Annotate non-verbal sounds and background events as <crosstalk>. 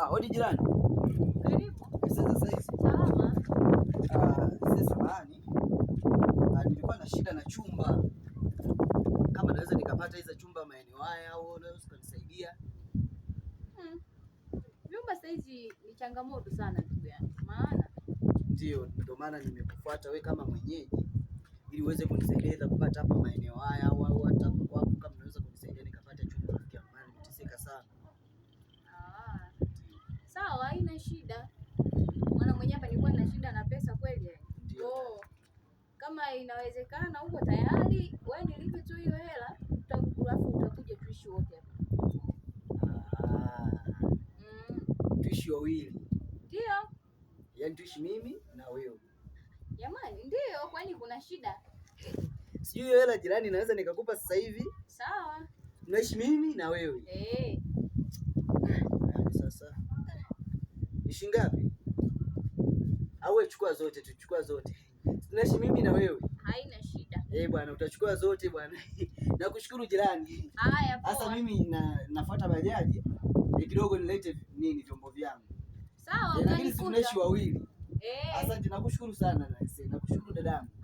Ah, hodi jirani. Karibu. Sasa hizi. Salama. Ah, sasa samahani. Ah, nilikuwa na shida na chumba. Kama naweza nikapata hizo chumba maeneo haya au unaweza kunisaidia? Hmm. Vyumba sasa hizi ni changamoto sana ndugu yangu. Maana ndio ndio maana nimekufuata wewe kama mwenyeji ili uweze kunieleza kupata hapa maeneo haya shida. Maana mwenyewe hapa nilikuwa nina shida na pesa kweli. Oh. Kama inawezekana uko tayari, wewe nilipe tu hiyo hela, tutakuafu utakuja tuishi wote hapa. Ah. Mm. Tuishi wawili. Ndio. Yaani tuishi mimi na wewe. Jamani, ndio kwani kuna shida? Sijui hiyo hela jirani, naweza nikakupa sasa hivi? Sawa. Naishi mimi na wewe. Eh. tunaishi ngapi? Au chukua zote, tuchukua zote, tunaishi mimi na wewe, haina shida eh bwana, utachukua zote bwana. <laughs> Nakushukuru jirani. Haya poa. Sasa mimi na, nafuata bajaji ni eh, kidogo, nilete nini vyombo vyangu. Sawa, eh, lakini tunaishi wawili. Eh. Asante, nakushukuru sana, nakushukuru dadangu.